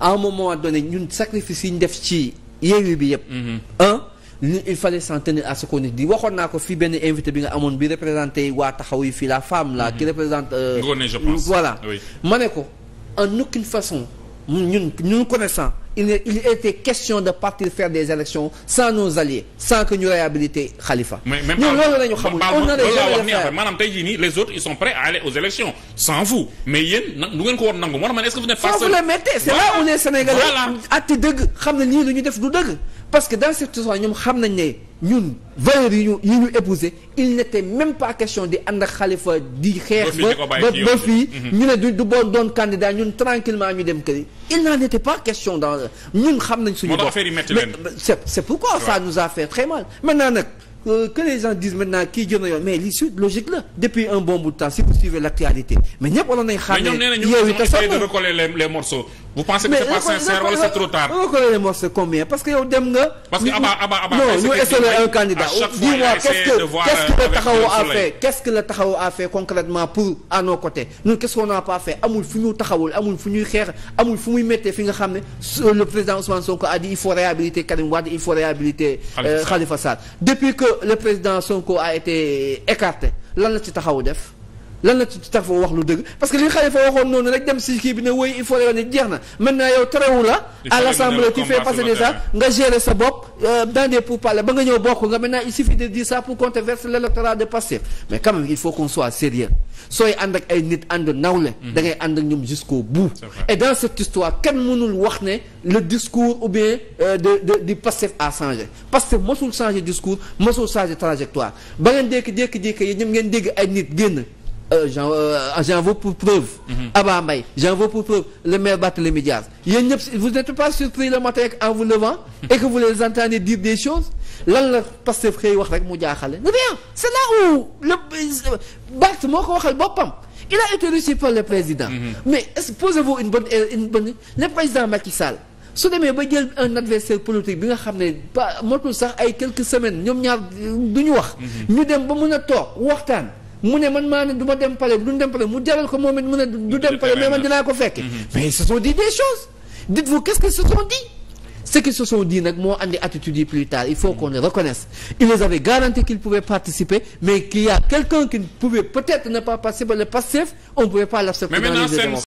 à un moment donné ñun sacrifice yi ñu def ci yeewu bi yëpp. Mhm. un il fallait s'en tenir à ce qu'on dit waxoon naa ko fii benn invité bi nga amoon bi représenté waa taxaw yi fi la femme la qui mhm. représente. Euh, Ngoné je voilà ma ne ko en aucune façon ñun ñun connaissant. il il était question de partir faire des élections sans nos alliés sans que ñu réhabiliter Khalifa. ñun loolu la ñu xamul on n'aurait jamais fait les autres ils sont prêts à aller aux élections sans vous mais yéen nag du ngeen ko war a nangu moo tax ma ne vous n'êtes pas c'est là où les Sénégalais. voilà àtte dëgg xam na nii lu ñu def du dëgg. parce que dans cette situation ñoom xam nañ ne. ñun valeur yi ñu yi ñu épousé il n'était même pas question di ànd ak xalifa di xeex ba ba fii ñu ne du du boo doon candidat ñun tranquillement ñu dem kër yi il n'en était pas question dans ñun xam nañ suñu bopp c'est pourquoi ça nous a fait très mal maintenant nag euh, que les gens disent maintenant kii jël na yoon mais li logique la depuis un bon bout de temps si vous suivez l'actualité mais ñëpp waroon vous pensez que c'est pas combien parce que yow dem nga. parce que non ñu essayer un candidat. quest que la taxawu a fait qu'est-ce que la taxawu a fait concrètement pour à nos côtés ñun qu'est-ce qu'on n'a pas fait amul fu ñu taxawul amul fu ñuy xeex amul fu muy méttee fi nga xam ne le président Ousmane Sonko a dit il faut réhabiliter Karim Wade il faut réhabiliter. Euh, Khalifa Sall depuis que le président Sonko a été écarté lan la ci taxawu def. lan la ci tax foo wax lu dëgg parce que li Khalifa waxoon noonu rek dem si kii bi ne woy il faut la ne jeex na maintenant yow terewu la à l'assemblée tu fais passer des gens nga gérer sa bopp euh, dans des pourparlers ba nga ñëw bokk nga maintenant il suffit de dire ça pour qu'on te verse l'électorat de Pastef mais quand il faut qu'on soit sooy ànd ak ay nit ànd nawle mhm. da ngay ànd ak ñoom jusqu'au bout et dans cette histoire kenn mënul wax ne le discours ou bien euh, de de du Pastef a changé Pastef mosul changer discours mosul changer trajectoire ba ngeen dékki dékki-jékki yi ñoom ngeen dégg ay nit génn j'en j'en veux pour preuve. Mhm. Abba ah Mbaye j'en veux pour preuve le maire le Diaz yéen ñëpp vous n'êtes pas surpris le matin en vous levant mhm. et que vous les dire des choses lan la Pastef xëy wax rek mu jaaxale rien c'est là où le euh, Barth moo ko waxal boppam il a été reçu par le président mhm. mais est-ce vous une bonne euh, une bonne le président Macky Sall su demee ba jël un adversaire politique bi nga xam ne ba motul sax ay quelques semaines ñoom ñaar euh, du ñu wax ñu dem ba mën a toog waxtaan mu ne man maa ne du ma dem pale du dem pale mu jaral ko moom mu ne du dem pale mais man dinaa ko fekke mhm. mais ils sont dit des choses dites-vous qu'est-ce qu'ils se sont dit ce qu'ils se sont dit nag moo andi attitude yi plus tard il faut qu'on les reconnaisse ils les avaient garanti qu'ils pouvaient participer mais qu'il y quelqu'un qui pouvait peut-être ne pas participer le passif on pouvait pas l'accepter